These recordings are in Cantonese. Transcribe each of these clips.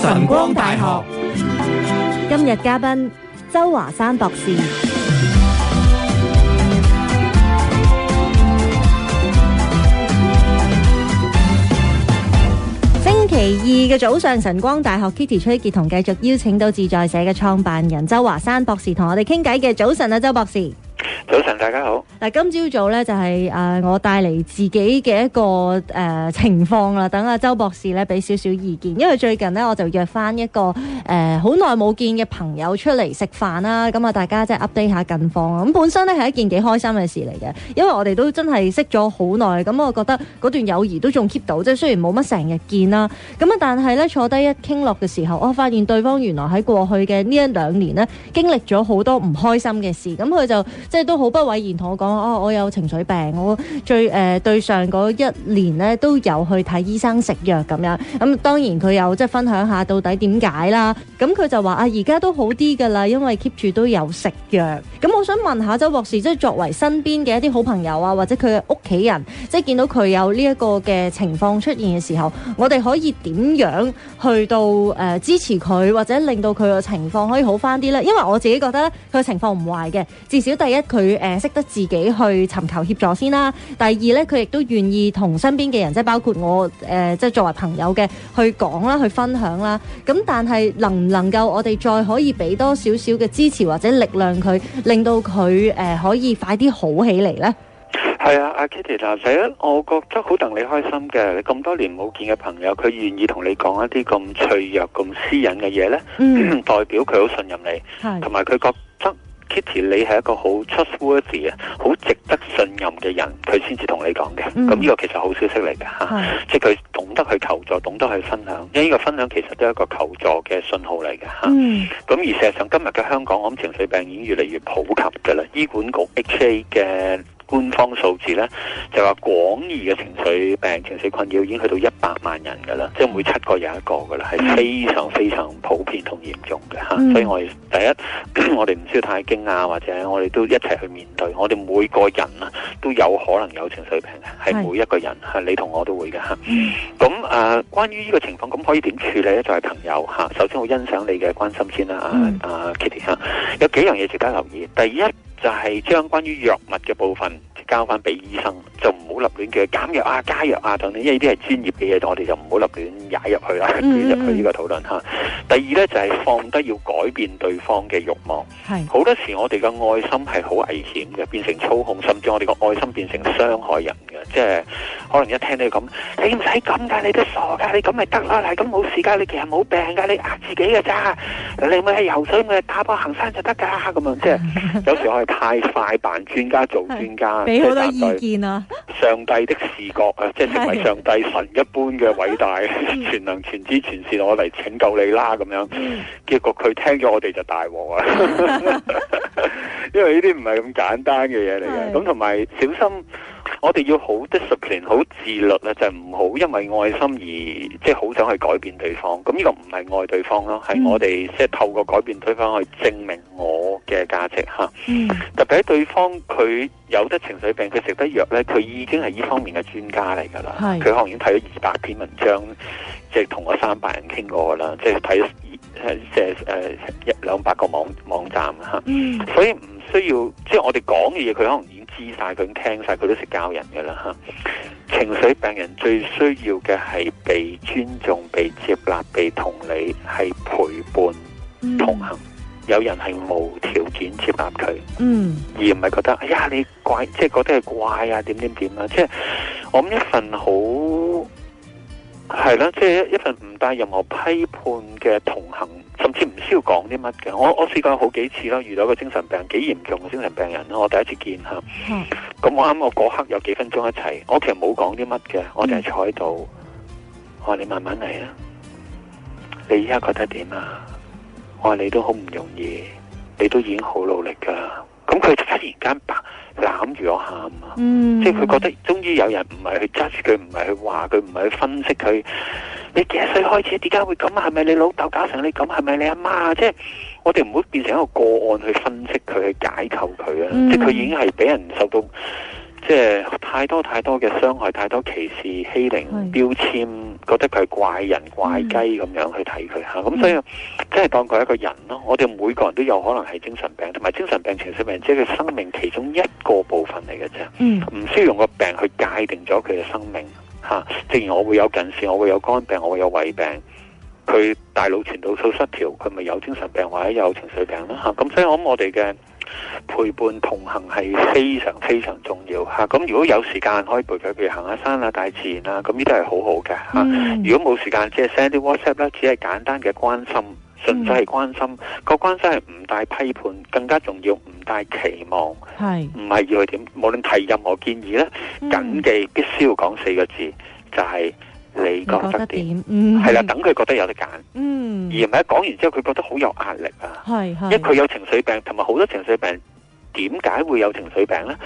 晨光大學今日嘉賓周華山博士。星期二嘅早上，晨光大學 Kitty 崔杰同繼續邀請到自在社嘅創辦人周華山博士同我哋傾偈嘅早晨啊，周博士。早晨，大家好。嗱，今朝早咧就係、是、誒、呃，我帶嚟自己嘅一個誒、呃、情況啦。等阿周博士咧俾少少意見，因為最近咧我就約返一個誒好耐冇見嘅朋友出嚟食飯啦。咁、嗯、啊，大家即係 update 下近況。咁、嗯、本身咧係一件幾開心嘅事嚟嘅，因為我哋都真係識咗好耐。咁、嗯、我覺得嗰段友誼都仲 keep 到，即係雖然冇乜成日見啦。咁、嗯、啊，但係咧坐低一傾落嘅時候，我發現對方原來喺過去嘅呢一兩年咧經歷咗好多唔開心嘅事。咁、嗯、佢就。即係都好不諱言同我講，哦，我有情緒病，我最誒、呃、對上嗰一年咧都有去睇醫生食藥咁樣。咁、嗯、當然佢有即係分享下到底點解啦。咁、嗯、佢就話啊，而家都好啲噶啦，因為 keep 住都有食藥。咁、嗯、我想問下周博士，即係作為身邊嘅一啲好朋友啊，或者佢嘅屋企人，即係見到佢有呢一個嘅情況出現嘅時候，我哋可以點樣去到誒、呃、支持佢，或者令到佢嘅情況可以好翻啲咧？因為我自己覺得佢嘅情況唔壞嘅，至少第一。佢誒識得自己去尋求協助先啦。第二咧，佢亦都願意同身邊嘅人，即係包括我誒，即係作為朋友嘅去講啦，去分享啦。咁但係能唔能夠我哋再可以俾多少少嘅支持或者力量佢，令到佢誒可以快啲好起嚟咧？係啊，阿 Kitty 阿仔，我覺得好等你開心嘅。你咁多年冇見嘅朋友，佢願意同你講一啲咁脆弱、咁私隱嘅嘢咧，代表佢好信任你，係同埋佢覺得。Kitty，你係一個好 trustworthy 啊，好值得信任嘅人，佢先至同你講嘅。咁、嗯、呢個其實好消息嚟嘅嚇，即係佢懂得去求助，懂得去分享。因為呢個分享其實都係一個求助嘅信號嚟嘅嚇。咁、嗯啊、而事實上今日嘅香港，我諗情緒病已經越嚟越普及㗎喇。醫管局 HA 嘅。官方數字呢，就話廣義嘅情緒病、情緒困擾已經去到一百萬人噶啦，即係每七個有一個噶啦，係非常非常普遍同嚴重嘅、嗯、所以我哋第一，我哋唔需要太驚訝或者我哋都一齊去面對。我哋每個人啊都有可能有情緒病嘅，係每一個人，你同我都會嘅。咁啊，關於呢個情況，咁可以點處理呢？就係朋友，首先我欣賞你嘅關心先啦，阿、啊嗯啊、Kitty 有幾樣嘢值得留意。第一。就係將關於藥物嘅部分交翻俾醫生，就唔好立亂嘅減藥啊、加藥啊等等，因為呢啲係專業嘅嘢，我哋就唔好立亂踩入去啦，入去呢個討論吓。第二呢就係放低要改變對方嘅欲望，係好多時我哋嘅愛心係好危險嘅，變成操控，甚至我哋嘅愛心變成傷害人嘅，即係可能一聽你咁，你唔使咁噶，你都傻噶，你咁咪得啦，係咁冇事噶，你其實冇病噶，你壓自己噶咋，你咪係游水，唔係打波行山就得噶，咁樣即係有時我係。太快扮專家做專家，俾好多意見啊！上帝的視角啊，即係成為上帝神一般嘅偉大，全能全知全善，我嚟拯救你啦！咁樣，結果佢聽咗我哋就大禍啊！ 因為呢啲唔係咁簡單嘅嘢嚟嘅。咁同埋小心，我哋要好 discipline，好自律咧，就唔好因為愛心而即係好想去改變對方。咁呢個唔係愛對方咯，係我哋即係透過改變對方去證明我，嘅價值吓、嗯，特別喺對方，佢有得情緒病，佢食得藥咧，佢已經係呢方面嘅專家嚟噶啦佢可能已經睇咗二百篇文章，即係同我三百人傾過啦，即係睇，即係誒一兩百個網網站吓、嗯。所以唔需要，即係我哋講嘅嘢，佢可能已經知晒，佢已經聽晒，佢都識教人噶啦吓。情緒病人最需要嘅係被尊重、被接納、被同理，係陪伴、嗯、同行。有人係無條件接納佢、嗯，而唔係覺得哎呀你怪，即係覺得係怪啊點點點啊，即係我諗一份好係啦，即係一份唔帶任何批判嘅同行，甚至唔需要講啲乜嘅。我我試過好幾次啦，遇到一個精神病幾嚴重嘅精神病人啦，我第一次見吓，咁我啱我嗰刻有幾分鐘一齊，我其實冇講啲乜嘅，我淨係坐喺度、嗯，我話你慢慢嚟，啊，你依家覺得點啊？我話你都好唔容易，你都已經好努力噶，咁佢就忽然間白攬住我喊啊、嗯！即係佢覺得終於有人唔係去揸住佢，唔係去話佢，唔係去分析佢。你幾歲開始？點解會咁係係咪你老豆搞成你咁？係咪你阿媽？即係我哋唔會變成一個個案去分析佢，去解構佢啊！即係佢已經係俾人受到，即係太多太多嘅傷害，太多歧視、欺凌、標籤。覺得佢係怪人怪雞咁樣去睇佢吓，咁、mm -hmm. 所以即係、就是、當佢一個人咯。我哋每個人都有可能係精神病，同埋精神病、情緒病，即係佢生命其中一個部分嚟嘅啫。嗯，唔需要用個病去界定咗佢嘅生命吓、啊。正如我會有近視，我會有肝病，我會有胃病，佢大腦傳導素失調，佢咪有精神病或者有情緒病咯吓。咁、啊、所以我諗我哋嘅。陪伴同行係非常非常重要吓，咁、啊、如果有時間可以陪佢，譬如行下山啊、大自然啊，咁呢啲係好好嘅吓。如果冇時間，只係 send 啲 WhatsApp 咧，只係簡單嘅關心，純粹係關心，個、嗯、關心係唔帶批判，更加重要唔帶期望，係唔係要佢點？無論提任何建議咧，謹、嗯、記必須要講四個字，就係、是。你覺得點？係啦， 等佢覺得有得揀。嗯， 而唔係講完之後佢覺得好有壓力啊。係 因為佢有情緒病，同埋好多情緒病，點解會有情緒病呢？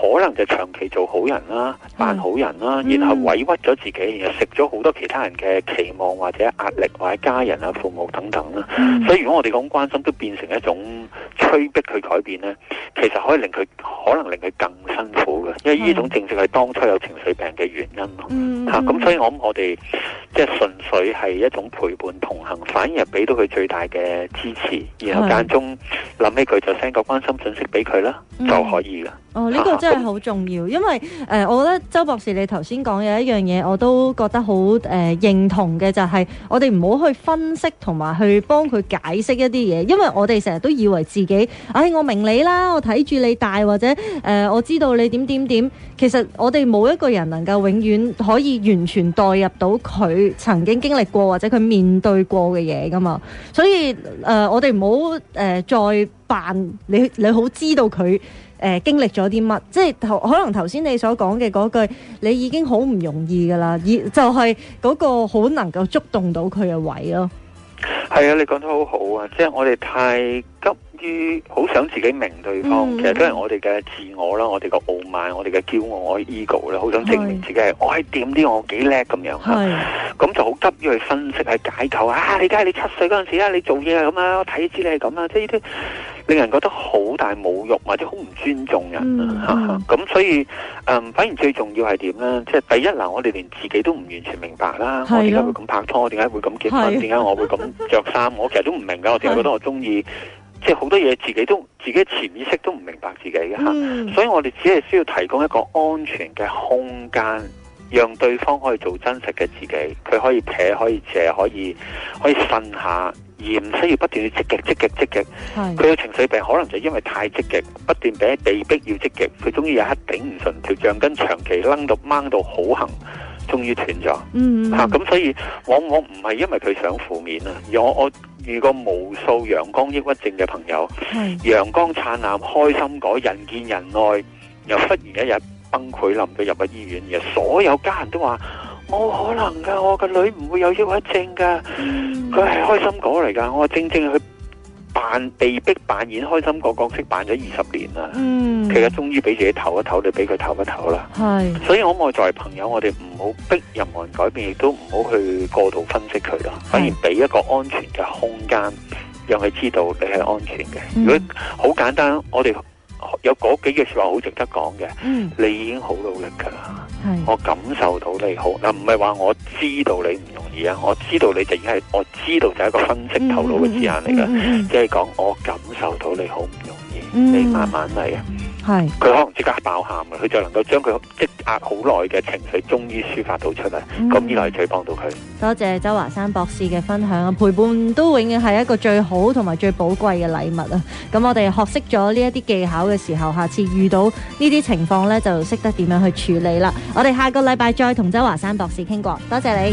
可能就長期做好人啦、啊，扮好人啦、啊，嗯、然後委屈咗自己，然後食咗好多其他人嘅期望或者壓力，或者家人啊、父母等等啦、啊。嗯、所以如果我哋講關心都變成一種催逼佢改變咧，其實可以令佢可能令佢更辛苦嘅，因為呢種正正係當初有情緒病嘅原因咯。咁、嗯啊，所以我諗我哋即係純粹係一種陪伴同行，反而係俾到佢最大嘅支持，然後間中諗起佢就 send 個關心信息俾佢啦，嗯、就可以噶。哦，呢、這個啊這個真係好重要，因為誒、呃，我覺得周博士你頭先講嘅一樣嘢，我都覺得好誒、呃、認同嘅，就係、是、我哋唔好去分析同埋去幫佢解釋一啲嘢，因為我哋成日都以為自己，哎，我明你啦，我睇住你大或者誒、呃，我知道你點點點，其實我哋冇一個人能夠永遠可以完全代入到佢曾經經歷過或者佢面對過嘅嘢噶嘛，所以誒、呃，我哋唔好誒再扮你你好知道佢。誒、呃、經歷咗啲乜？即係頭可能頭先你所講嘅嗰句，你已經好唔容易噶啦，而就係嗰個好能夠觸動到佢嘅位咯。係啊，你講得好好啊！即係我哋太急於好想自己明白對方，嗯、其實都係我哋嘅自我啦、嗯，我哋嘅傲慢，我哋嘅驕傲，我的 ego 咧，好想證明自己係我係掂啲，我幾叻咁樣。係咁就好急於去分析去解構啊！你梗係你七歲嗰陣時啊，你做嘢係咁啊，我睇知你係咁啊，即係呢啲。令人覺得好大侮辱或者好唔尊重人咁，嗯、 所以，誒、呃，反而最重要係點呢？即、就、係、是、第一，嗱，我哋連自己都唔完全明白啦。啊、我點解會咁拍拖？點解會咁結婚？點解、啊、我會咁着衫？ 我其實都唔明噶。我只覺得我中意，即係好多嘢自己都自己潛意識都唔明白自己嘅吓，、嗯。所以我哋只係需要提供一個安全嘅空間，讓對方可以做真實嘅自己，佢可以扯，可以斜，可以可以瞓下。而唔需要不斷去積極積極積極。佢嘅情緒病可能就因為太積極，不斷俾被逼要積極，佢終於有一頂唔順，條橡筋長期掹到掹到好痕，終於斷咗。咁、嗯嗯啊、所以往往唔係因為佢想負面啊，而我我遇過無數陽光抑鬱症嘅朋友，陽光燦爛、開心果、人見人愛，又忽然一日崩潰臨到入啊醫院，嘅所有家人都話。冇可能噶，我個女唔會有抑鬱症噶，佢、嗯、係開心果嚟噶，我正正去扮被逼扮演開心果，角色扮咗二十年啦。嗯，其實終於俾自己唞一唞，就俾佢唞一唞啦。係，所以我作為朋友，我哋唔好逼任何人改變，亦都唔好去過度分析佢咯。反而俾一個安全嘅空間，讓佢知道你係安全嘅、嗯。如果好簡單，我哋有嗰幾句說話好值得講嘅、嗯，你已經好努力噶。我感受到你好，嗱唔係話我知道你唔容易啊，我知道你就已經係，我知道就係一個分析頭腦嘅指引嚟㗎，即係講我感受到你好唔容易、嗯，你慢慢嚟啊。係，佢可能即刻爆喊嘅，佢就能夠將佢積壓好耐嘅情緒終於抒發到出嚟，咁依度係最幫到佢。多謝周華山博士嘅分享啊！陪伴都永遠係一個最好同埋最寶貴嘅禮物啊！咁我哋學識咗呢一啲技巧嘅時候，下次遇到呢啲情況咧，就識得點樣去處理啦。我哋下個禮拜再同周華山博士傾過，多謝你。